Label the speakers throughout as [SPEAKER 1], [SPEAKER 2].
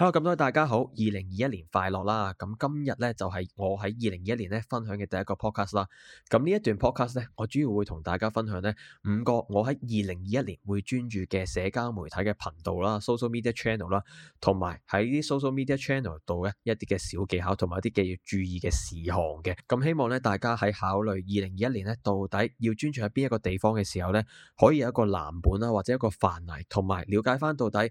[SPEAKER 1] Hello, 咁多位大家好！二零二一年快樂啦！咁今日咧就係、是、我喺二零二一年咧分享嘅第一個 podcast 啦。咁呢一段 podcast 咧，我主要會同大家分享咧五個我喺二零二一年會專注嘅社交媒體嘅頻道啦，social media channel 啦，同埋喺啲 social media channel 度嘅一啲嘅小技巧，同埋一啲嘅要注意嘅事項嘅。咁、嗯、希望咧大家喺考慮二零二一年咧到底要專注喺邊一個地方嘅時候咧，可以有一個藍本啦，或者一個範圍，同埋了解返到底。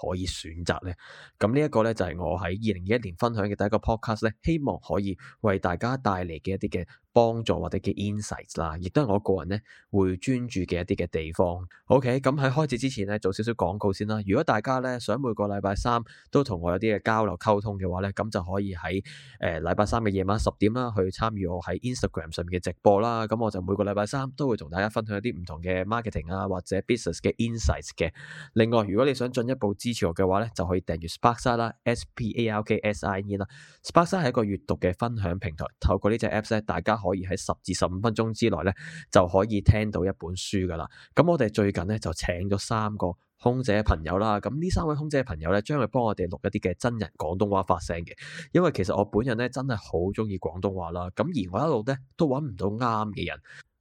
[SPEAKER 1] 可以選擇呢。咁呢一個呢，就係我喺二零二一年分享嘅第一個 podcast 咧，希望可以為大家帶嚟嘅一啲嘅幫助或者嘅 insights 啦，亦都係我個人咧會專注嘅一啲嘅地方。OK，咁喺開始之前呢，做少少廣告先啦。如果大家呢，想每個禮拜三都同我有啲嘅交流溝通嘅話呢，咁就可以喺誒禮拜三嘅夜晚十點啦去參與我喺 Instagram 上面嘅直播啦。咁我就每個禮拜三都會同大家分享一啲唔同嘅 marketing 啊或者 business 嘅 insights 嘅。另外，如果你想進一步知，支持我嘅話咧，就可以訂閱 Sparksine 啦，S P A R K S I E 啦。Sparksine 係一個閱讀嘅分享平台，透過呢隻 apps 咧，大家可以喺十至十五分鐘之內咧，就可以聽到一本書噶啦。咁我哋最近咧就請咗三個空姐朋友啦，咁呢三位空姐朋友咧，將會幫我哋錄一啲嘅真人廣東話發聲嘅。因為其實我本人咧真係好中意廣東話啦，咁而我一路咧都揾唔到啱嘅人。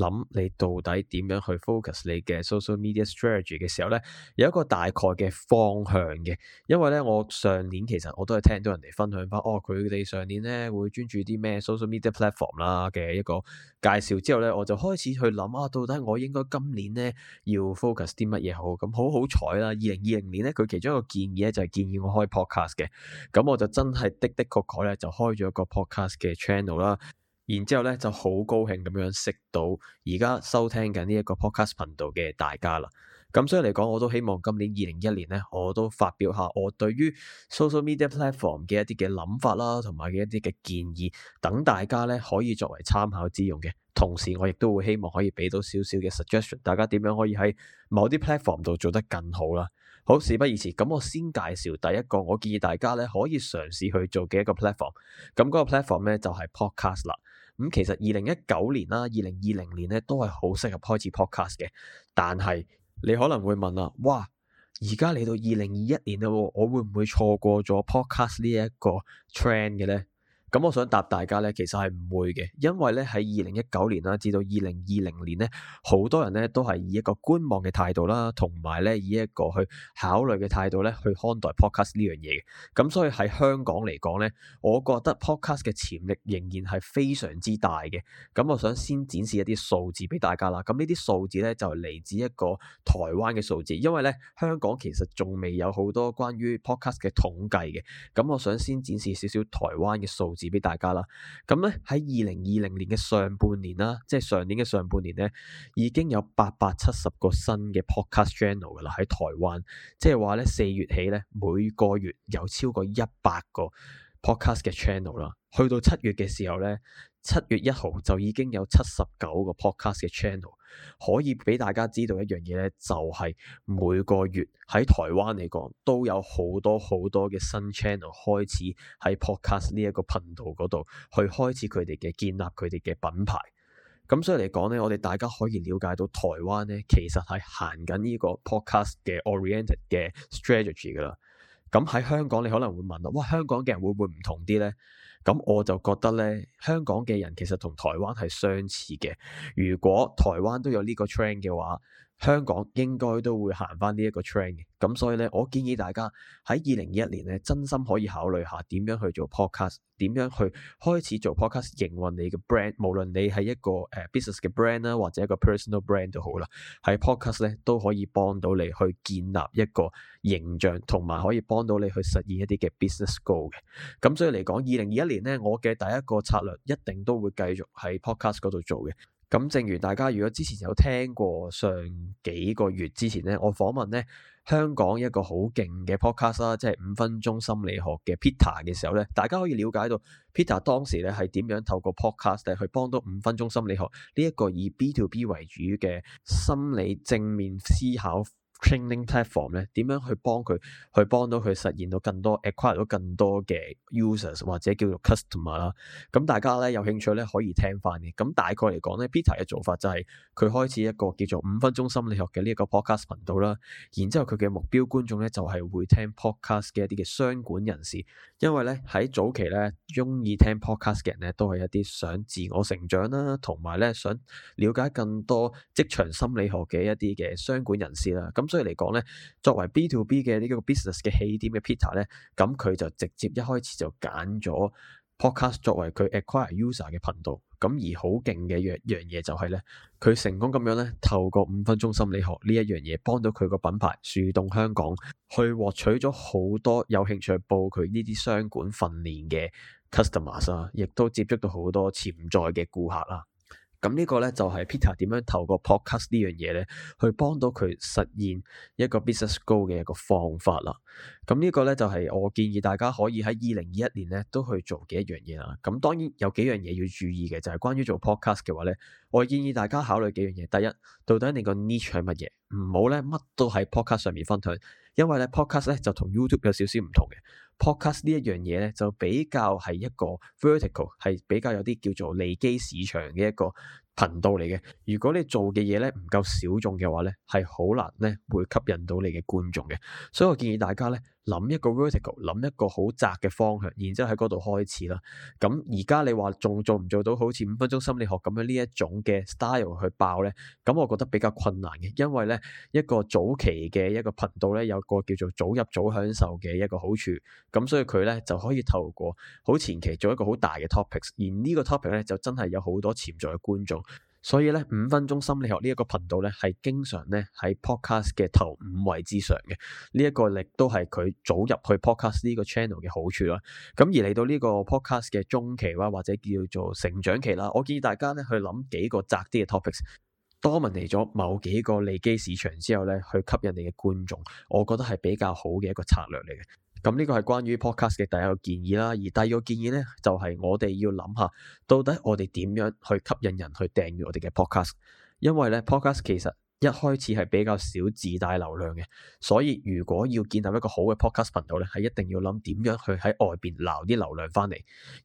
[SPEAKER 1] 諗你到底點樣去 focus 你嘅 social media strategy 嘅時候咧，有一個大概嘅方向嘅。因為咧，我上年其實我都係聽到人哋分享翻，哦，佢哋上年咧會專注啲咩 social media platform 啦嘅一個介紹。之後咧，我就開始去諗啊，到底我應該今年咧要 focus 啲乜嘢好。咁好好彩啦，二零二零年咧，佢其中一個建議咧就係建議我開 podcast 嘅。咁我就真係的的確確咧就開咗個 podcast 嘅 channel 啦。然之後咧，就好高興咁樣識到而家收聽緊呢一個 podcast 頻道嘅大家啦。咁所以嚟講，我都希望今年二零一年咧，我都發表下我對於 social media platform 嘅一啲嘅諗法啦，同埋嘅一啲嘅建議，等大家咧可以作為參考之用嘅。同時，我亦都會希望可以俾到少少嘅 suggestion，大家點樣可以喺某啲 platform 度做得更好啦。好，事不宜遲，咁我先介紹第一個，我建議大家咧可以嘗試去做嘅一個 platform。咁嗰個 platform 咧就係 podcast 啦。咁其實二零一九年啦，二零二零年咧都係好適合開始 podcast 嘅。但係你可能會問啦，哇！而家嚟到二零二一年啦喎，我會唔會錯過咗 podcast 呢一個 trend 嘅咧？咁我想答大家咧，其實係唔會嘅，因為咧喺二零一九年啦，至到二零二零年咧，好多人咧都係以一個觀望嘅態度啦，同埋咧以一個去考慮嘅態度咧去看待 podcast 呢樣嘢嘅。咁所以喺香港嚟講咧，我覺得 podcast 嘅潛力仍然係非常之大嘅。咁我想先展示一啲數字俾大家啦。咁呢啲數字咧就嚟自一個台灣嘅數字，因為咧香港其實仲未有好多關於 podcast 嘅統計嘅。咁我想先展示少少台灣嘅數字。字俾大家啦，咁呢，喺二零二零年嘅上半年啦，即係上年嘅上半年呢，已經有八百七十個新嘅 podcast channel 嘅啦，喺台灣，即係話呢，四月起呢，每個月有超過一百個 podcast 嘅 channel 啦，去到七月嘅時候呢。七月一號就已經有七十九個 podcast 嘅 channel，可以俾大家知道一樣嘢咧，就係每個月喺台灣嚟講都有好多好多嘅新 channel 開始喺 podcast 呢一個頻道嗰度去開始佢哋嘅建立佢哋嘅品牌。咁所以嚟講咧，我哋大家可以了解到台灣咧其實係行緊呢個 podcast 嘅 oriented 嘅 strategy 噶啦。咁喺香港你可能會問啦，哇，香港嘅人會唔會唔同啲咧？咁我就覺得咧，香港嘅人其實同台灣係相似嘅。如果台灣都有呢個 trend 嘅話，香港應該都會行翻呢一個 trend 嘅，咁所以呢，我建議大家喺二零二一年呢，真心可以考慮下點樣去做 podcast，點樣去開始做 podcast 營運你嘅 brand，無論你係一個誒、呃、business 嘅 brand 啦，或者一個 personal brand 都好啦，喺 podcast 呢都可以幫到你去建立一個形象，同埋可以幫到你去實現一啲嘅 business goal 嘅。咁所以嚟講，二零二一年呢，我嘅第一個策略一定都會繼續喺 podcast 嗰度做嘅。咁，正如大家如果之前有聽過上幾個月之前呢，我訪問呢香港一個好勁嘅 podcast 啦，即係五分鐘心理學嘅 Peter 嘅時候呢，大家可以了解到 Peter 當時呢係點樣透過 podcast 嚟去幫到五分鐘心理學呢一個以 B to B 為主嘅心理正面思考。training platform 咧，點樣去幫佢去幫到佢實現到更多，acquire 到更多嘅 users 或者叫做 customer 啦。咁大家咧有興趣咧可以聽翻嘅。咁大概嚟講咧，Peter 嘅做法就係佢開始一個叫做五分鐘心理學嘅呢一個 podcast 頻道啦。然之後佢嘅目標觀眾咧就係會聽 podcast 嘅一啲嘅商管人士，因為咧喺早期咧，中意聽 podcast 嘅人咧都係一啲想自我成長啦，同埋咧想了解更多職場心理學嘅一啲嘅商管人士啦。咁所以嚟講咧，作為 B to B 嘅呢個 business 嘅起點嘅 Peter 咧，咁佢就直接一開始就揀咗 Podcast 作為佢 acquire user 嘅頻道。咁而好勁嘅一樣嘢就係咧，佢成功咁樣咧，透過五分鐘心理學呢一樣嘢，幫到佢個品牌樹洞香港去獲取咗好多有興趣去報佢呢啲商管訓練嘅 customers 啊，亦都接觸到好多潛在嘅顧客啦。咁呢個咧就係 Peter 點樣透過 podcast 呢樣嘢咧，去幫到佢實現一個 business goal 嘅一個方法啦。咁呢個咧就係我建議大家可以喺二零二一年咧都去做幾樣嘢啦。咁當然有幾樣嘢要注意嘅，就係關於做 podcast 嘅話咧，我建議大家考慮幾樣嘢。第一，到底你個 niche 係乜嘢？唔好咧，乜都喺 podcast 上面分享。因為咧 podcast 咧就 you 點點同 YouTube 有少少唔同嘅。podcast 呢一樣嘢咧就比較係一個 vertical，係比較有啲叫做利基市場嘅一個頻道嚟嘅。如果你做嘅嘢咧唔夠小眾嘅話咧，係好難咧會吸引到你嘅觀眾嘅。所以我建議大家咧。諗一個 vertical，諗一個好窄嘅方向，然之後喺嗰度開始啦。咁而家你話仲做唔做到好似五分鐘心理學咁樣呢一種嘅 style 去爆呢？咁我覺得比較困難嘅，因為呢一個早期嘅一個頻道呢，有個叫做早入早享受嘅一個好處，咁所以佢呢就可以透過好前期做一個好大嘅 topics，而呢個 topic 呢就真係有好多潛在嘅觀眾。所以咧五分鐘心理學呢一個頻道咧係經常咧喺 podcast 嘅頭五位之上嘅，呢一個力都係佢早入去 podcast 呢個 channel 嘅好處啦。咁而嚟到呢個 podcast 嘅中期啦，或者叫做成長期啦，我建議大家咧去諗幾個窄啲嘅 topics，dominate 咗某幾個利基市場之後咧去吸引你嘅觀眾，我覺得係比較好嘅一個策略嚟嘅。咁呢個係關於 podcast 嘅第一個建議啦，而第二個建議呢，就係我哋要諗下，到底我哋點樣去吸引人去訂閱我哋嘅 podcast？因為呢 podcast 其實一開始係比較少自帶流量嘅，所以如果要建立一個好嘅 podcast 頻道呢，係一定要諗點樣去喺外邊撈啲流量翻嚟。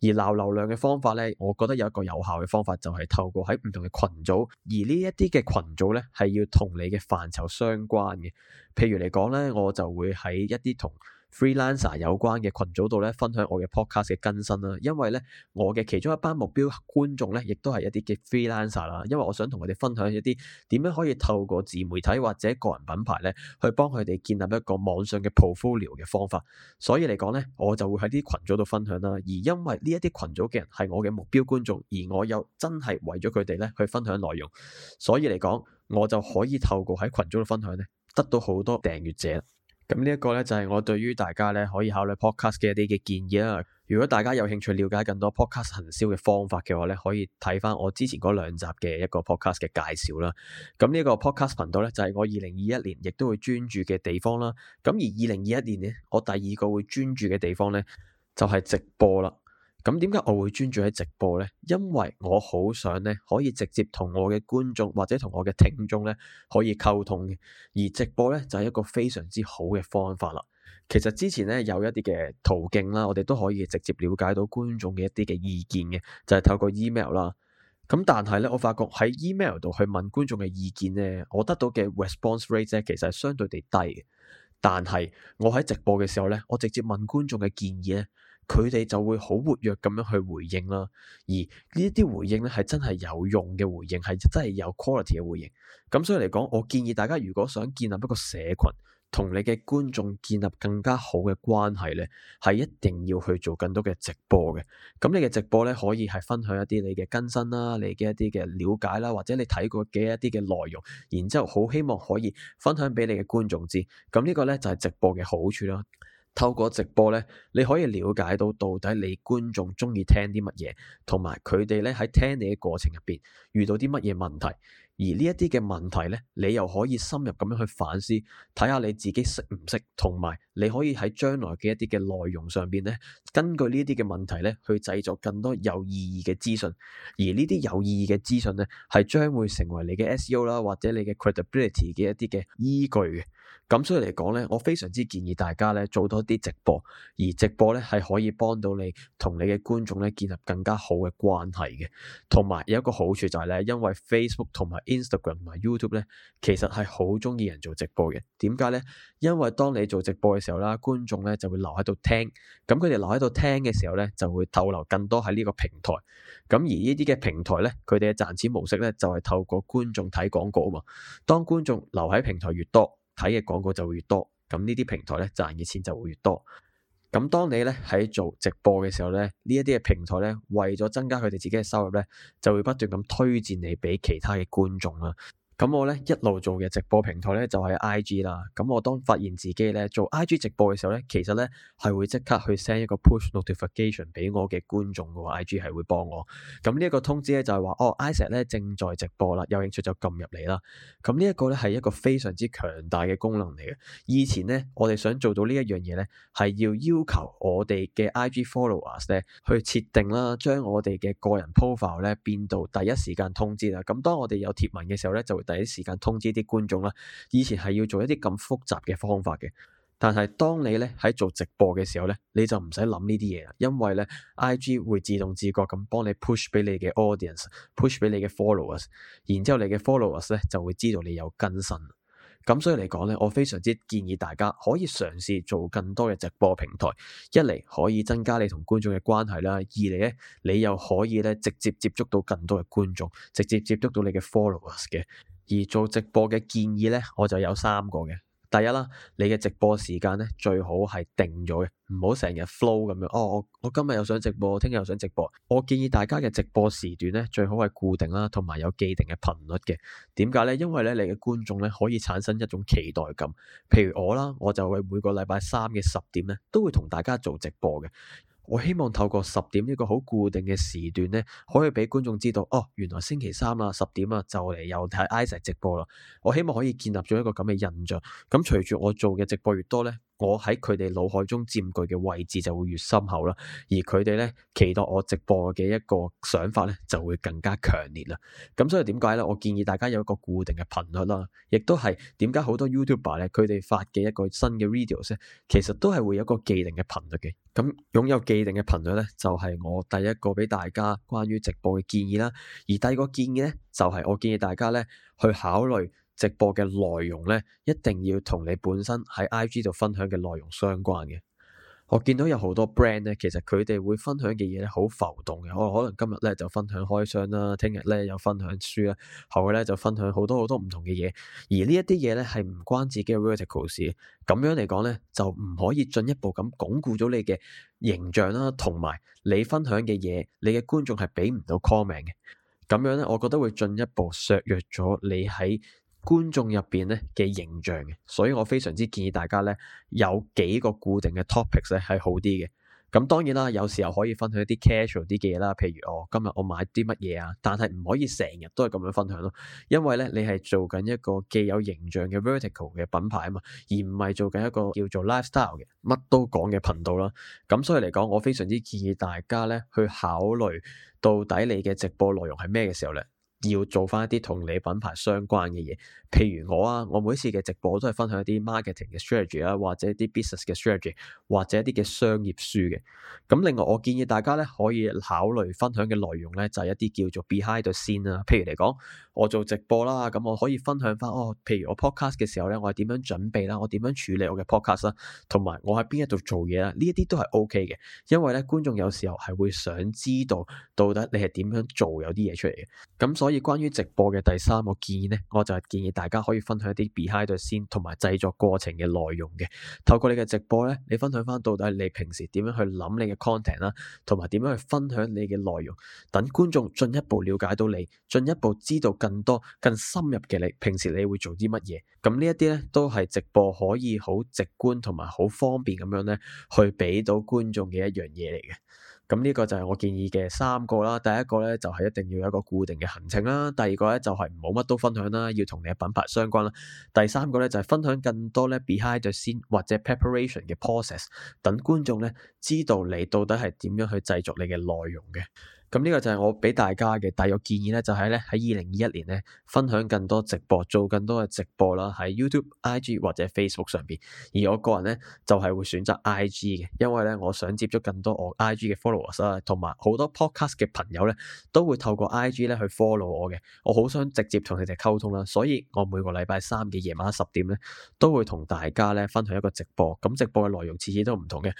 [SPEAKER 1] 而撈流量嘅方法呢，我覺得有一個有效嘅方法就係透過喺唔同嘅群組，而呢一啲嘅群組呢，係要同你嘅範疇相關嘅。譬如嚟講呢，我就會喺一啲同。freelancer 有關嘅群組度咧，分享我嘅 podcast 嘅更新啦。因為咧，我嘅其中一班目標觀眾咧，亦都係一啲嘅 freelancer 啦。因為我想同佢哋分享一啲點樣可以透過自媒體或者個人品牌咧，去幫佢哋建立一個網上嘅 portfolio 嘅方法。所以嚟講咧，我就會喺啲群組度分享啦。而因為呢一啲群組嘅人係我嘅目標觀眾，而我又真係為咗佢哋咧去分享內容，所以嚟講，我就可以透過喺群組度分享咧，得到好多訂閱者。咁呢一個咧就係我對於大家咧可以考慮 podcast 嘅一啲嘅建議啦。如果大家有興趣了解更多 podcast 行銷嘅方法嘅話咧，可以睇翻我之前嗰兩集嘅一個 podcast 嘅介紹啦。咁呢一個 podcast 頻道咧就係我二零二一年亦都會專注嘅地方啦。咁而二零二一年咧，我第二個會專注嘅地方咧就係直播啦。咁點解我會專注喺直播呢？因為我好想咧可以直接同我嘅觀眾或者同我嘅聽眾咧可以溝通嘅，而直播咧就係一個非常之好嘅方法啦。其實之前咧有一啲嘅途徑啦，我哋都可以直接了解到觀眾嘅一啲嘅意見嘅，就係透過 email 啦。咁但係咧，我發覺喺 email 度去問觀眾嘅意見咧，我得到嘅 response rate 咧其實係相對地低嘅。但係我喺直播嘅時候咧，我直接問觀眾嘅建議咧。佢哋就會好活躍咁樣去回應啦，而呢一啲回應咧係真係有用嘅回應，係真係有 quality 嘅回應。咁所以嚟講，我建議大家如果想建立一個社群，同你嘅觀眾建立更加好嘅關係咧，係一定要去做更多嘅直播嘅。咁你嘅直播咧可以係分享一啲你嘅更新啦，你嘅一啲嘅了解啦，或者你睇過嘅一啲嘅內容，然之後好希望可以分享俾你嘅觀眾知。咁呢個咧就係直播嘅好處啦。透過直播咧，你可以了解到到底你觀眾鍾意聽啲乜嘢，同埋佢哋咧喺聽你嘅過程入邊遇到啲乜嘢問題，而呢一啲嘅問題咧，你又可以深入咁樣去反思，睇下你自己識唔識，同埋你可以喺將來嘅一啲嘅內容上邊咧，根據呢啲嘅問題咧，去製作更多有意義嘅資訊，而呢啲有意義嘅資訊咧，係將會成為你嘅 SEO 啦，或者你嘅 credibility 嘅一啲嘅依據嘅。咁所以嚟講咧，我非常之建議大家咧做多啲直播，而直播咧係可以幫到你同你嘅觀眾咧建立更加好嘅關係嘅。同埋有一個好處就係咧，因為 Facebook 同埋 Instagram 同埋 YouTube 咧，其實係好中意人做直播嘅。點解咧？因為當你做直播嘅時候啦，觀眾咧就會留喺度聽，咁佢哋留喺度聽嘅時候咧就會逗留更多喺呢個平台。咁而呢啲嘅平台咧，佢哋嘅賺錢模式咧就係透過觀眾睇廣告啊嘛。當觀眾留喺平台越多，睇嘅廣告就會越多，咁呢啲平台咧賺嘅錢就會越多。咁當你咧喺做直播嘅時候咧，呢一啲嘅平台咧為咗增加佢哋自己嘅收入咧，就會不斷咁推薦你俾其他嘅觀眾啦。咁我咧一路做嘅直播平台咧就係 I G 啦。咁我當發現自己咧做 I G 直播嘅時候咧，其實咧係會即刻去 send 一個 push notification 俾我嘅觀眾噶喎。I G 係會幫我。咁呢一個通知咧就係話哦，Isaac 咧正在直播啦，有興趣就撳入嚟啦。咁呢一個咧係一個非常之強大嘅功能嚟嘅。以前咧我哋想做到呢一樣嘢咧，係要要求我哋嘅 I G followers 咧去設定啦，將我哋嘅個人 profile 咧變到第一時間通知啦。咁當我哋有貼文嘅時候咧，就會。第一時間通知啲觀眾啦。以前係要做一啲咁複雜嘅方法嘅，但係當你咧喺做直播嘅時候咧，你就唔使諗呢啲嘢啦，因為咧 I G 會自動自覺咁幫你 push 俾你嘅 audience，push 俾你嘅 followers，然之後你嘅 followers 咧就會知道你有更新。咁所以嚟講咧，我非常之建議大家可以嘗試做更多嘅直播平台，一嚟可以增加你同觀眾嘅關係啦，二嚟咧你又可以咧直接接觸到更多嘅觀眾，直接接觸到你嘅 followers 嘅。而做直播嘅建議呢，我就有三個嘅。第一啦，你嘅直播時間呢，最好係定咗嘅，唔好成日 flow 咁樣。哦，我，我今日又想直播，聽日又想直播。我建議大家嘅直播時段呢，最好係固定啦，同埋有，有既定嘅頻率嘅。點解呢？因為咧，你嘅觀眾咧可以產生一種期待感。譬如我啦，我就會每個禮拜三嘅十點咧，都會同大家做直播嘅。我希望透過十點呢個好固定嘅時段呢，可以畀觀眾知道，哦，原來星期三啦，十點啊就嚟又睇 Isaac 直播啦。我希望可以建立咗一個咁嘅印象。咁隨住我做嘅直播越多呢。我喺佢哋腦海中佔據嘅位置就會越深厚啦，而佢哋咧期待我直播嘅一個想法咧就會更加強烈啦。咁所以點解咧？我建議大家有一個固定嘅頻率啦，亦都係點解好多 YouTuber 咧佢哋發嘅一個新嘅 videos 咧，其實都係會有一個既定嘅頻率嘅。咁擁有既定嘅頻率咧，就係我第一個俾大家關於直播嘅建議啦。而第二個建議咧，就係我建議大家咧去考慮。直播嘅內容咧，一定要同你本身喺 IG 度分享嘅內容相關嘅。我見到有好多 brand 咧，其實佢哋會分享嘅嘢咧好浮動嘅。我、哦、可能今日呢就分享開箱啦，聽日呢又分享書啦，後日呢就分享好多好多唔同嘅嘢。而呢一啲嘢呢係唔關自己嘅 verticals。咁樣嚟講呢，就唔可以進一步咁鞏固咗你嘅形象啦，同埋你分享嘅嘢，你嘅觀眾係俾唔到 comment 嘅。咁樣呢，我覺得會進一步削弱咗你喺觀眾入邊咧嘅形象嘅，所以我非常之建議大家咧有幾個固定嘅 topics 咧係好啲嘅。咁當然啦，有時候可以分享一啲 casual 啲嘅嘢啦，譬如我、哦、今日我買啲乜嘢啊，但係唔可以成日都係咁樣分享咯，因為咧你係做緊一個既有形象嘅 vertical 嘅品牌啊嘛，而唔係做緊一個叫做 lifestyle 嘅乜都講嘅頻道啦。咁所以嚟講，我非常之建議大家咧去考慮到底你嘅直播內容係咩嘅時候咧。要做翻一啲同你品牌相關嘅嘢，譬如我啊，我每次嘅直播都係分享一啲 marketing 嘅 strategy 啊，或者一啲 business 嘅 strategy，或者一啲嘅商業書嘅。咁另外我建議大家咧可以考慮分享嘅內容咧就係一啲叫做 behind the scene 啦。譬如嚟講，我做直播啦，咁我可以分享翻哦，譬如我 podcast 嘅時候咧，我係點樣準備啦，我點樣處理我嘅 podcast 啦，同埋我喺邊一度做嘢啊，呢一啲都係 OK 嘅，因為咧觀眾有時候係會想知道到底你係點樣做有啲嘢出嚟嘅。咁所以關於直播嘅第三個建議呢，我就係建議大家可以分享一啲 behind the scenes 同埋製作過程嘅內容嘅。透過你嘅直播呢，你分享翻到底係你平時點樣去諗你嘅 content 啦，同埋點樣去分享你嘅內容，等觀眾進一步了解到你，進一步知道更多更深入嘅你平時你會做啲乜嘢。咁呢一啲呢，都係直播可以好直觀同埋好方便咁樣呢，去俾到觀眾嘅一樣嘢嚟嘅。咁呢個就係我建議嘅三個啦，第一個咧就係一定要有一個固定嘅行程啦，第二個咧就係唔好乜都分享啦，要同你嘅品牌相關啦，第三個咧就係分享更多咧 behind the scene 或者 preparation 嘅 process，等觀眾咧知道你到底係點樣去製作你嘅內容嘅。咁呢個就係我畀大家嘅大約建議咧，就係咧喺二零二一年咧，分享更多直播，做更多嘅直播啦，喺 YouTube、IG 或者 Facebook 上邊。而我個人咧就係會選擇 IG 嘅，因為咧我想接觸更多我 IG 嘅 followers 啊，同埋好多 podcast 嘅朋友咧都會透過 IG 咧去 follow 我嘅，我好想直接同佢哋溝通啦，所以我每個禮拜三嘅夜晚十點咧都會同大家咧分享一個直播，咁直播嘅內容次次都唔同嘅。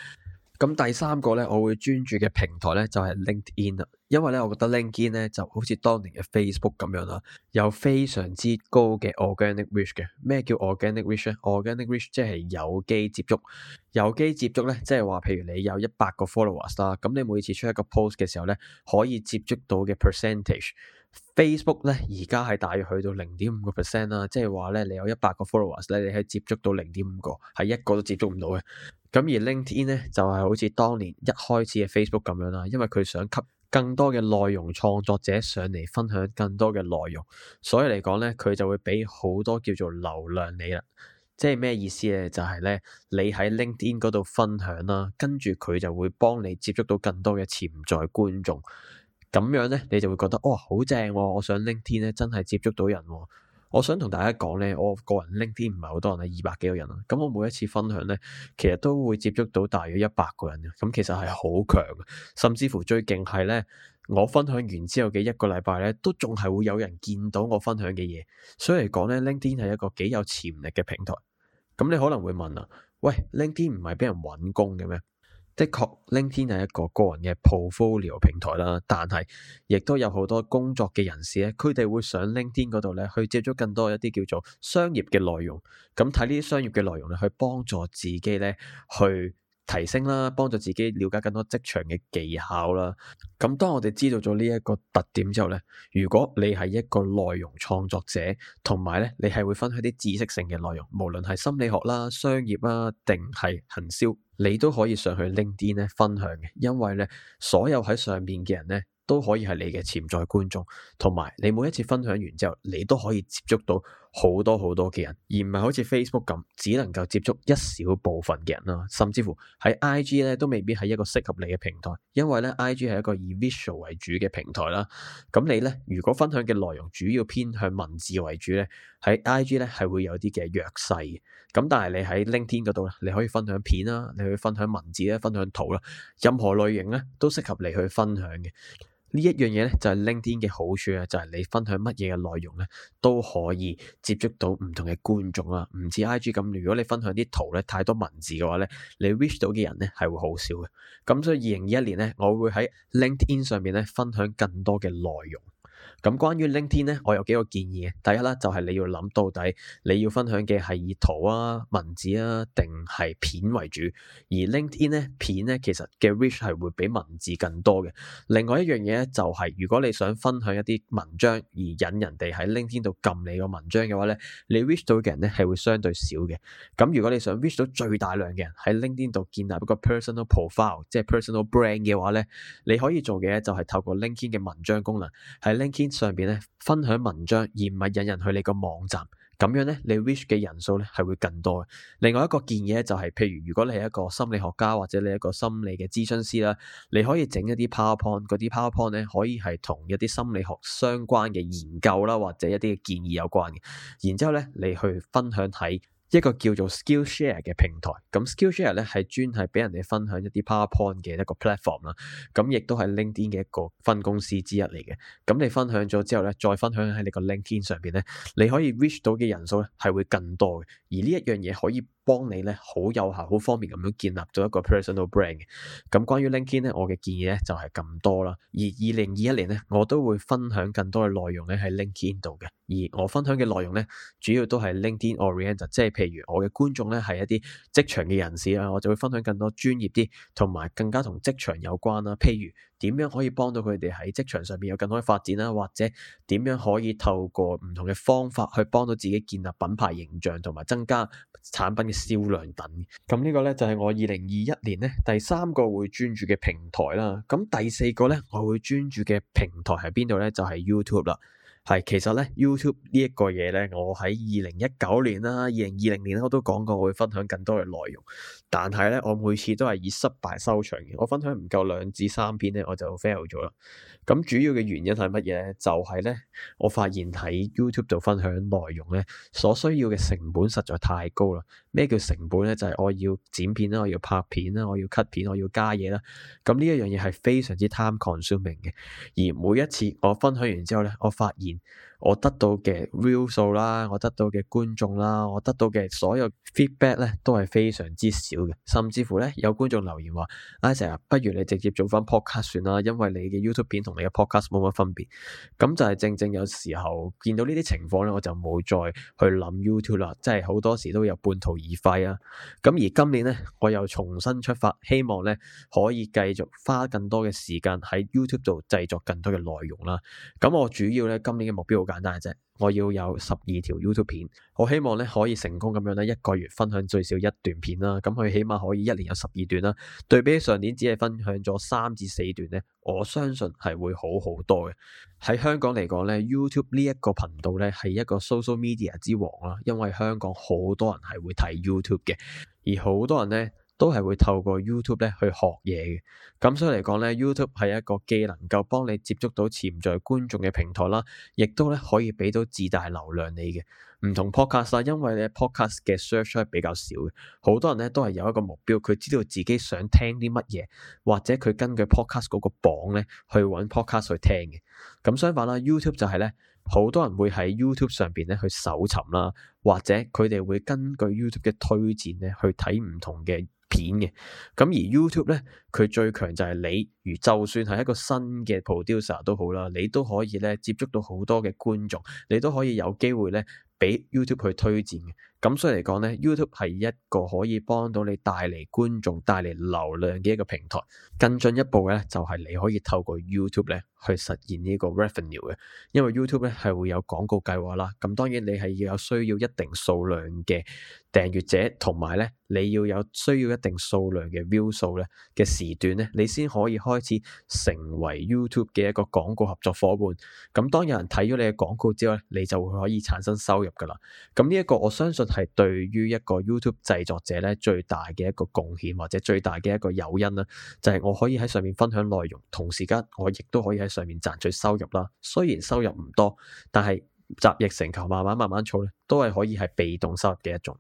[SPEAKER 1] 咁第三個咧，我會專注嘅平台咧就係 LinkedIn 啊。因為咧，我覺得 LinkedIn 咧就好似當年嘅 Facebook 咁樣啦，有非常之高嘅 organic reach 嘅。咩叫 organic reach 咧？organic reach 即係有機接觸。有機接觸咧，即係話，譬如你有一百個 followers 啦，咁你每次出一個 post 嘅時候咧，可以接觸到嘅 percentage。Facebook 咧而家係大約去到零點五個 percent 啦，即係話咧你有一百個 followers 咧，你係接觸到零點五個，係一個都接觸唔到嘅。咁而 LinkedIn 咧就係好似當年一開始嘅 Facebook 咁樣啦，因為佢想吸。更多嘅內容創作者上嚟分享更多嘅內容，所以嚟講咧，佢就會畀好多叫做流量你啦。即係咩意思咧？就係咧，你喺 LinkedIn 嗰度分享啦，跟住佢就會幫你接觸到更多嘅潛在觀眾。咁樣咧，你就會覺得哇，好正喎！我想 LinkedIn 咧真係接觸到人喎。我想同大家講呢，我個人 LinkedIn 唔係好多人，二百幾個人啦。咁我每一次分享呢，其實都會接觸到大約一百個人嘅。咁其實係好強，甚至乎最勁係呢，我分享完之後嘅一個禮拜呢，都仲係會有人見到我分享嘅嘢。所以嚟講呢，LinkedIn 係一個幾有潛力嘅平台。咁你可能會問啊，喂，LinkedIn 唔係畀人揾工嘅咩？的確，LinkedIn 係一個個人嘅 portfolio 平台啦，但係亦都有好多工作嘅人士咧，佢哋會上 LinkedIn 嗰度咧去接觸更多一啲叫做商業嘅內容，咁睇呢啲商業嘅內容咧，去幫助自己咧去。提升啦，幫助自己了解更多職場嘅技巧啦。咁當我哋知道咗呢一個特點之後咧，如果你係一個內容創作者，同埋咧你係會分享啲知識性嘅內容，無論係心理學啦、商業啦，定係行銷，你都可以上去 LinkedIn 分享嘅，因為咧所有喺上面嘅人咧都可以係你嘅潛在觀眾，同埋你每一次分享完之後，你都可以接觸到，好多好多嘅人，而唔係好似 Facebook 咁，只能夠接觸一小部分嘅人啦。甚至乎喺 IG 咧，都未必係一個適合你嘅平台，因為咧 IG 係一個以 visual 為主嘅平台啦。咁你咧，如果分享嘅內容主要偏向文字為主咧，喺 IG 咧係會有啲嘅弱勢。咁但係你喺 LinkedIn 嗰度咧，你可以分享片啦，你可以分享文字咧，分享圖啦，任何類型咧都適合你去分享嘅。呢一樣嘢咧就係 LinkedIn 嘅好處啊，就係你分享乜嘢嘅內容咧都可以接觸到唔同嘅觀眾啊，唔似 IG 咁。如果你分享啲圖咧太多文字嘅話咧，你 reach 到嘅人咧係會好少嘅。咁所以二零二一年咧，我會喺 LinkedIn 上面咧分享更多嘅內容。咁關於 LinkedIn 咧，我有幾個建議嘅。第一啦，就係、是、你要諗到底你要分享嘅係以圖啊、文字啊，定係片為主。而 LinkedIn 咧片咧，其實嘅 reach 係會比文字更多嘅。另外一樣嘢咧，就係如果你想分享一啲文章而引人哋喺 LinkedIn 度撳你個文章嘅話咧，你 reach 到嘅人咧係會相對少嘅。咁如果你想 reach 到最大量嘅人喺 LinkedIn 度建立一個 personal profile，即係 personal brand 嘅話咧，你可以做嘅就係透過 LinkedIn 嘅文章功能喺 LinkedIn 上邊咧分享文章，而唔係引人去你個網站，咁樣咧你 reach 嘅人數咧係會更多嘅。另外一個建議就係、是，譬如如果你係一個心理學家或者你一個心理嘅諮詢師啦，你可以整一啲 PowerPoint，嗰啲 PowerPoint 咧可以係同一啲心理學相關嘅研究啦，或者一啲嘅建議有關嘅。然之後咧你去分享喺。一個叫做 Skillshare 嘅平台，咁 Skillshare 呢係專係畀人哋分享一啲 PowerPoint 嘅一個 platform 啦，咁亦都係 LinkedIn 嘅一個分公司之一嚟嘅，咁你分享咗之後呢，再分享喺你個 LinkedIn 上邊呢，你可以 reach 到嘅人數呢係會更多嘅，而呢一樣嘢可以。幫你咧好有效、好方便咁樣建立到一個 personal brand 嘅。咁關於 LinkedIn 咧，我嘅建議咧就係咁多啦。而二零二一年咧，我都會分享更多嘅內容咧喺 LinkedIn 度嘅。而我分享嘅內容咧，主要都係 LinkedIn oriented，即係譬如我嘅觀眾咧係一啲職場嘅人士啊，我就會分享更多專業啲，同埋更加同職場有關啦。譬如。點樣可以幫到佢哋喺職場上面有更好嘅發展啦？或者點樣可以透過唔同嘅方法去幫到自己建立品牌形象同埋增加產品嘅銷量等等？咁呢個咧就係我二零二一年咧第三個會專注嘅平台啦。咁第四個咧我會專注嘅平台喺邊度咧？就係 YouTube 啦。係其實咧 YouTube 呢一個嘢咧，我喺二零一九年啦，二零二零年咧，我都講過我會分享更多嘅內容。但係咧，我每次都係以失敗收場嘅。我分享唔夠兩至三篇咧，我就 fail 咗啦。咁主要嘅原因係乜嘢？咧，就係咧，我發現喺 YouTube 度分享內容咧，所需要嘅成本實在太高啦。咩叫成本咧？就係我要剪片啦，我要拍片啦，我要 cut 片，我要加嘢啦。咁呢一樣嘢係非常之 time consuming 嘅。而每一次我分享完之後咧，我發現。我得到嘅 view 數啦，我得到嘅觀眾啦，我得到嘅所有 feedback 咧，都係非常之少嘅。甚至乎咧，有觀眾留言話，阿 Sir 不如你直接做翻 podcast 算啦，因為你嘅 YouTube 片同你嘅 podcast 冇乜分別。咁就係正正有時候見到呢啲情況咧，我就冇再去諗 YouTube 啦。即係好多時都有半途而廢啊。咁而今年咧，我又重新出發，希望咧可以繼續花更多嘅時間喺 YouTube 度製作更多嘅內容啦。咁我主要咧今年嘅目標簡單啫，我要有十二條 YouTube 片，我希望咧可以成功咁樣咧一個月分享最少一段片啦，咁佢起碼可以一年有十二段啦。對比上年只係分享咗三至四段咧，我相信係會好好多嘅。喺香港嚟講咧，YouTube 呢一個頻道咧係一個 social media 之王啦，因為香港好多人係會睇 YouTube 嘅，而好多人咧。都係會透過 YouTube 咧去學嘢嘅，咁所以嚟講咧，YouTube 係一個既能夠幫你接觸到潛在觀眾嘅平台啦，亦都咧可以俾到自帶流量你嘅。唔同 Podcast，因為咧 Podcast 嘅 search 係比較少嘅，好多人咧都係有一個目標，佢知道自己想聽啲乜嘢，或者佢根據 Podcast 嗰個榜咧去揾 Podcast 去聽嘅。咁相反啦，YouTube 就係咧。好多人會喺 YouTube 上邊咧去搜尋啦，或者佢哋會根據 YouTube 嘅推薦咧去睇唔同嘅片嘅。咁而 YouTube 咧，佢最強就係你，如就算係一個新嘅 producer 都好啦，你都可以咧接觸到好多嘅觀眾，你都可以有機會咧畀 YouTube 去推薦嘅。咁所以嚟講咧，YouTube 係一個可以幫到你帶嚟觀眾、帶嚟流量嘅一個平台。更進一步嘅咧，就係你可以透過 YouTube 咧去實現呢個 revenue 嘅。因為 YouTube 咧係會有廣告計劃啦。咁當然你係要有需要一定數量嘅訂閱者，同埋咧你要有需要一定數量嘅 view 數咧嘅時段咧，你先可以開始成為 YouTube 嘅一個廣告合作伙伴。咁當有人睇咗你嘅廣告之後咧，你就會可以產生收入噶啦。咁呢一個我相信。係對於一個 YouTube 製作者咧，最大嘅一個貢獻或者最大嘅一個誘因啦，就係我可以喺上面分享內容，同時間我亦都可以喺上面賺取收入啦。雖然收入唔多，但係。集腋成裘，慢慢慢慢儲咧，都係可以係被動收入嘅一種。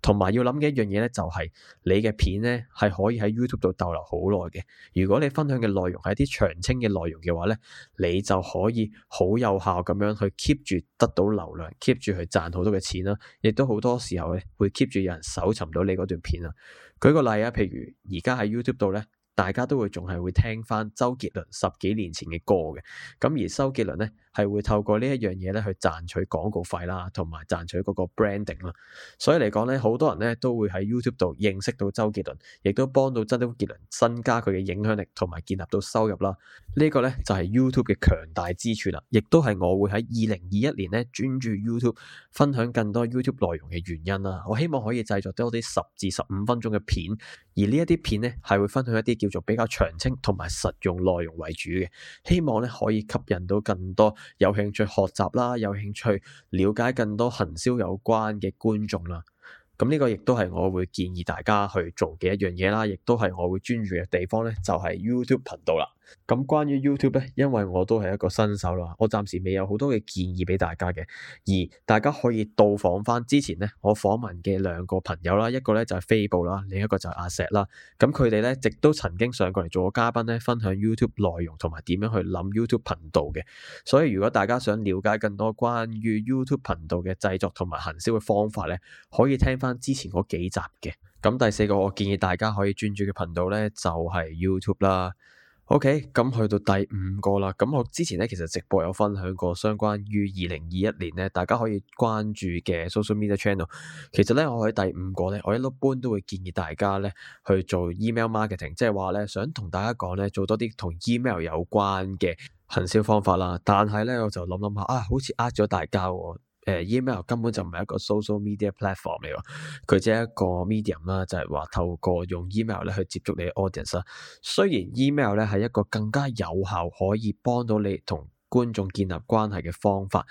[SPEAKER 1] 同埋要諗嘅一樣嘢咧，就係你嘅片咧係可以喺 YouTube 度逗留好耐嘅。如果你分享嘅內容係一啲長青嘅內容嘅話咧，你就可以好有效咁樣去 keep 住得到流量，keep 住去賺好多嘅錢啦。亦都好多時候咧會 keep 住有人搜尋到你嗰段片啊。舉個例啊，譬如而家喺 YouTube 度咧，大家都會仲係會聽翻周杰倫十幾年前嘅歌嘅。咁而周杰倫咧。係會透過呢一樣嘢咧去賺取廣告費啦，同埋賺取嗰個 branding 啦。所以嚟講咧，好多人咧都會喺 YouTube 度認識到周杰倫，亦都幫到真周杰倫增加佢嘅影響力，同埋建立到收入啦。這個、呢個咧就係、是、YouTube 嘅強大之處啦，亦都係我會喺二零二一年咧專注 YouTube 分享更多 YouTube 內容嘅原因啦。我希望可以製作多啲十至十五分鐘嘅片，而片呢一啲片咧係會分享一啲叫做比較長青同埋實用內容為主嘅，希望咧可以吸引到更多。有興趣學習啦，有興趣了解更多行銷有關嘅觀眾啦，咁呢個亦都係我會建議大家去做嘅一樣嘢啦，亦都係我會專注嘅地方咧，就係 YouTube 頻道啦。咁關於 YouTube 咧，因為我都係一個新手啦，我暫時未有好多嘅建議俾大家嘅，而大家可以到訪翻之前咧，我訪問嘅兩個朋友啦，一個咧就係飛布啦，另一個就係阿石啦。咁佢哋咧，亦都曾經上過嚟做咗嘉賓咧，分享 YouTube 內容同埋點樣去諗 YouTube 頻道嘅。所以如果大家想了解更多關於 YouTube 頻道嘅製作同埋行銷嘅方法咧，可以聽翻之前嗰幾集嘅。咁第四個我建議大家可以專注嘅頻道咧，就係 YouTube 啦。OK，咁去到第五個啦，咁我之前呢，其實直播有分享過相關於二零二一年呢，大家可以關注嘅 social media channel。其實呢，我喺第五個呢，我一般都會建議大家呢去做 email marketing，即係話呢，想同大家講呢，做多啲同 email 有關嘅行銷方法啦。但係呢，我就諗諗下，啊，好似呃咗大家喎、哦。呃，email 根本就唔係一個 social media platform 嚟喎，佢只係一個 medium 啦，就係話透過用 email 咧去接觸你嘅 audience。雖然 email 咧係一個更加有效可以幫到你同觀眾建立關係嘅方法，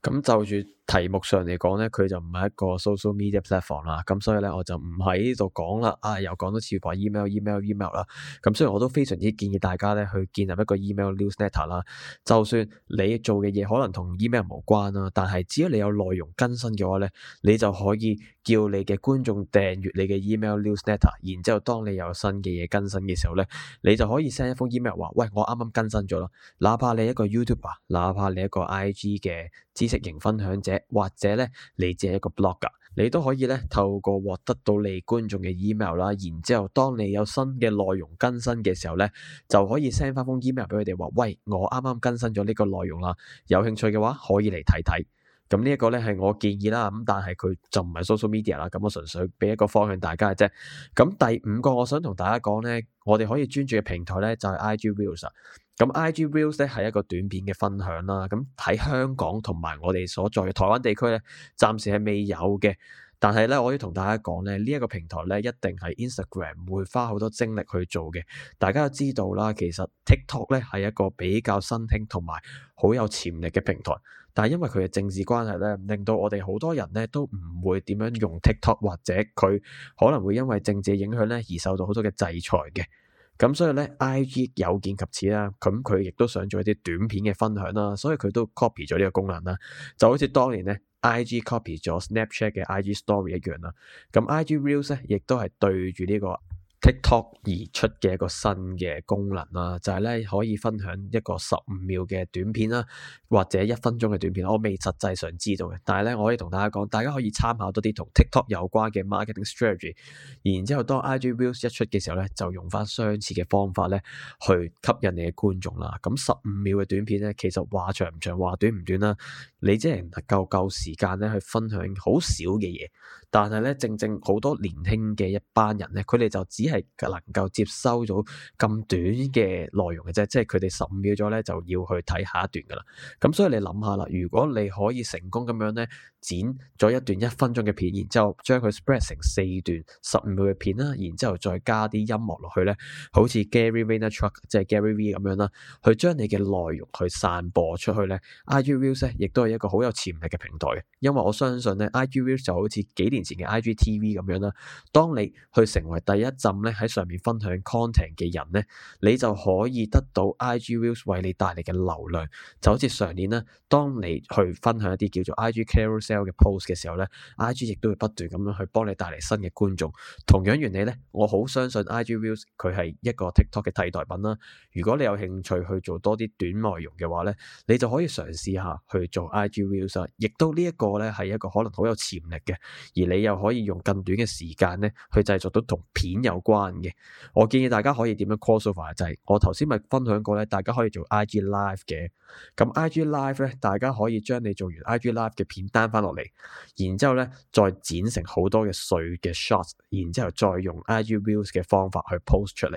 [SPEAKER 1] 咁就住，題目上嚟講咧，佢就唔係一個 social media platform 啦，咁所以咧我就唔喺度講啦，啊又講多次話 email，email，email 啦，咁所以我都非常之建議大家咧去建立一個 email newsletter 啦，就算你做嘅嘢可能同 email 無關啦，但係只要你有內容更新嘅話咧，你就可以叫你嘅觀眾訂閱你嘅 email newsletter，然之後當你有新嘅嘢更新嘅時候咧，你就可以 send 一封 email 話，喂，我啱啱更新咗咯，哪怕你一個 YouTuber 啊，哪怕你一個 IG 嘅知識型分享者。或者咧，你借一個 blog 你都可以咧透過獲得到你觀眾嘅 email 啦，然之後當你有新嘅內容更新嘅時候咧，就可以 send 翻封 email 俾佢哋話，喂，我啱啱更新咗呢個內容啦，有興趣嘅話可以嚟睇睇。咁呢一個咧係我建議啦，咁但係佢就唔係 social media 啦，咁我純粹俾一個方向大家嘅啫。咁第五個我想同大家講咧，我哋可以專注嘅平台咧就係 IG Reels。咁 IG Reels 係一個短片嘅分享啦，咁喺香港同埋我哋所在嘅台灣地區咧，暫時係未有嘅。但係咧，我要同大家講咧，呢一個平台咧一定係 Instagram 唔會花好多精力去做嘅。大家都知道啦，其實 TikTok 咧係一個比較新興同埋好有潛力嘅平台，但係因為佢嘅政治關係咧，令到我哋好多人咧都唔會點樣用 TikTok，或者佢可能會因為政治影響咧而受到好多嘅制裁嘅。咁所以咧，I G 有見及此啦，咁佢亦都想做一啲短片嘅分享啦，所以佢都 copy 咗呢個功能啦，就好似當年咧，I G copy 咗 Snapchat 嘅 I G Story 一樣啦，咁 I G Reels 咧，亦都係對住呢個。TikTok 而出嘅一個新嘅功能啦，就係咧可以分享一個十五秒嘅短片啦，或者一分鐘嘅短片。我未實際上知道嘅，但係咧我可以同大家講，大家可以參考多啲同 TikTok 有關嘅 marketing strategy。然之後當 IG Views 一出嘅時候咧，就用翻相似嘅方法咧去吸引你嘅觀眾啦。咁十五秒嘅短片咧，其實話長唔長，話短唔短啦，你即係夠夠時間咧去分享好少嘅嘢。但係咧，正正好多年輕嘅一班人咧，佢哋就只係能夠接收到咁短嘅內容嘅啫，即係佢哋十五秒咗咧就要去睇下一段噶啦。咁所以你諗下啦，如果你可以成功咁樣咧。剪咗一段一分鐘嘅片，然之後將佢 spread 成四段十五秒嘅片啦，然之後再加啲音樂落去咧，好似 Gary Vaynerchuk 即係 Gary Vee 咁樣啦，去將你嘅內容去散播出去咧。IG Views 咧亦都係一個好有潛力嘅平台，因為我相信咧，IG Views 就好似幾年前嘅 IGTV 咁樣啦。當你去成為第一陣咧喺上面分享 content 嘅人咧，你就可以得到 IG Views 為你帶嚟嘅流量，就好似上年咧，當你去分享一啲叫做 IG Carols 嘅 post 嘅時候咧，IG 亦都會不斷咁樣去幫你帶嚟新嘅觀眾。同樣原理咧，我好相信 IG views 佢係一個 TikTok 嘅替代品啦。如果你有興趣去做多啲短內容嘅話咧，你就可以嘗試下去做 IG views 啦。亦都呢一個咧係一個可能好有潛力嘅，而你又可以用更短嘅時間咧去製作到同片有關嘅。我建議大家可以點樣 cooperate 就係我頭先咪分享過咧，大家可以做 IG live 嘅。咁 IG live 咧，大家可以將你做完 IG live 嘅片 down 翻落嚟，然之後咧再剪成好多嘅碎嘅 shots，然之後再用 IG views 嘅方法去 post 出嚟。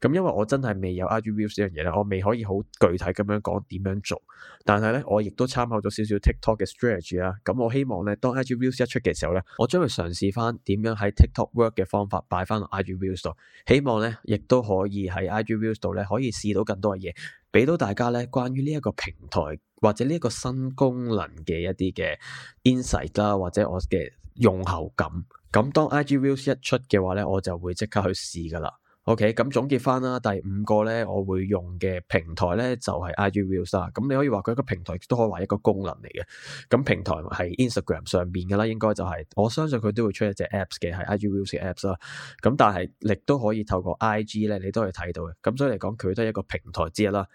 [SPEAKER 1] 咁、嗯、因為我真係未有 IG views 呢樣嘢啦，我未可以好具體咁樣講點樣做。但係咧我亦都參考咗少少 TikTok 嘅 strategy 啦。咁、嗯、我希望咧當 IG views 一出嘅時候咧，我將會嘗試翻點樣喺 TikTok work 嘅方法擺翻到 IG views 度。希望咧亦都可以喺 IG views 度咧可以試到更多嘅嘢。畀到大家咧，關於呢一個平台或者呢一個新功能嘅一啲嘅 insight 啦，或者我嘅用後感。咁當 IG Views 一出嘅話咧，我就會即刻去試㗎啦。OK，咁總結翻啦，第五個咧我會用嘅平台咧就係 IG Reels 啦。咁你可以話佢一個平台，亦都可以話一個功能嚟嘅。咁平台係 Instagram 上邊嘅啦，應該就係、是、我相信佢都會出一隻 Apps 嘅，係 IG Reels 嘅 Apps 啦。咁但係亦都可以透過 Ig 咧，你都可以睇到嘅。咁所以嚟講，佢都係一個平台之一啦。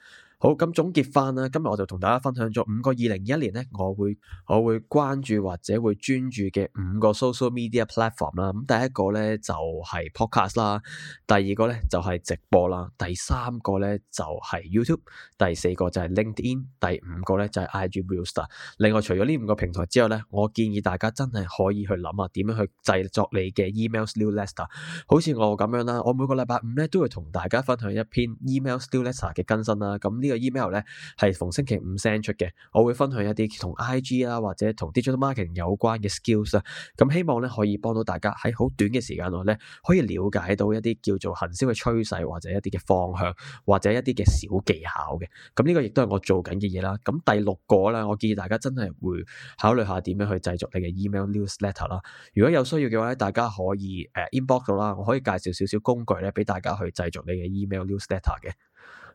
[SPEAKER 1] 好，咁總結翻啦，今日我就同大家分享咗五個二零二一年咧，我會我會關注或者會專注嘅五個 social media platform 啦。咁第一個咧就係 podcast 啦，第二個咧就係直播啦，第三個咧就係 YouTube，第四個就係 LinkedIn，第五個咧就係 IG Reels。另外除咗呢五個平台之外咧，我建議大家真係可以去諗下點樣去製作你嘅 email newsletter，好似我咁樣啦，我每個禮拜五咧都會同大家分享一篇 email newsletter 嘅更新啦。咁呢？個呢個 email 咧係逢星期五 send 出嘅，我會分享一啲同 IG 啊，或者同 digital marketing 有關嘅 skills 啊，咁、嗯、希望咧可以幫到大家喺好短嘅時間內咧可以了解到一啲叫做行銷嘅趨勢或者一啲嘅方向或者一啲嘅小技巧嘅，咁、嗯、呢、呢個亦都係我做緊嘅嘢啦。咁、嗯、第六個咧，我建議大家真係會考慮下點樣去製作你嘅 email newsletter 啦。如果有需要嘅話咧，大家可以誒、呃、inbox 到啦，我可以介紹少少工具咧俾大家去製作你嘅 email newsletter 嘅。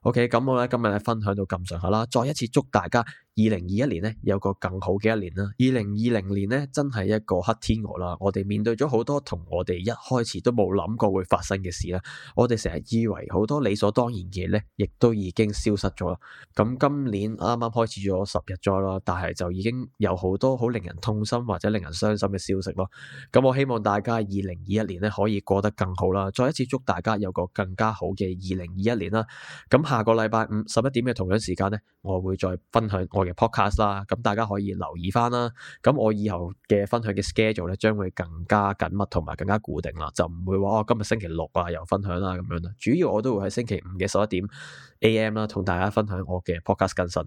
[SPEAKER 1] OK，咁我咧今日咧分享到咁上下啦，再一次祝大家。二零二一年咧有個更好嘅一年啦。二零二零年咧真係一個黑天鵝啦。我哋面對咗好多同我哋一開始都冇諗過會發生嘅事啦。我哋成日以為好多理所當然嘅嘢咧，亦都已經消失咗啦。咁今年啱啱開始咗十日咗啦，但係就已經有好多好令人痛心或者令人傷心嘅消息咯。咁我希望大家二零二一年咧可以過得更好啦。再一次祝大家有個更加好嘅二零二一年啦。咁下個禮拜五十一點嘅同樣時間咧，我會再分享我。嘅 podcast 啦，咁大家可以留意翻啦。咁我以後嘅分享嘅 schedule 咧，將會更加緊密同埋更加固定啦，就唔會話我今日星期六啊又分享啦咁樣啦。主要我都會喺星期五嘅十一點 am 啦，同大家分享我嘅 podcast 更新。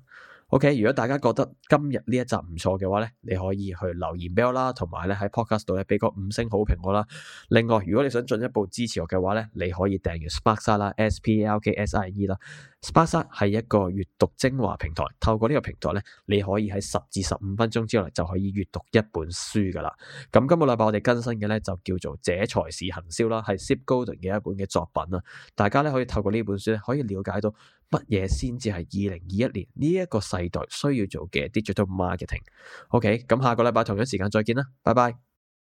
[SPEAKER 1] OK，如果大家覺得今日呢一集唔錯嘅話咧，你可以去留言俾我啦，同埋咧喺 podcast 度咧俾個五星好評我啦。另外，如果你想進一步支持我嘅話咧，你可以訂閱 s, s p a c e s 啦，S P L K S I E 啦。s p a c e s a 係一個閱讀精華平台，透過呢個平台咧，你可以喺十至十五分鐘之內就可以閱讀一本書噶啦。咁今個禮拜我哋更新嘅呢，就叫做這才是行銷啦，係 Seth Godin 嘅一本嘅作品啊。大家呢，可以透過呢本書咧可以了解到。乜嘢先至係二零二一年呢一個世代需要做嘅 digital marketing？OK，okay，咁下個禮拜同樣時間再見啦，拜拜。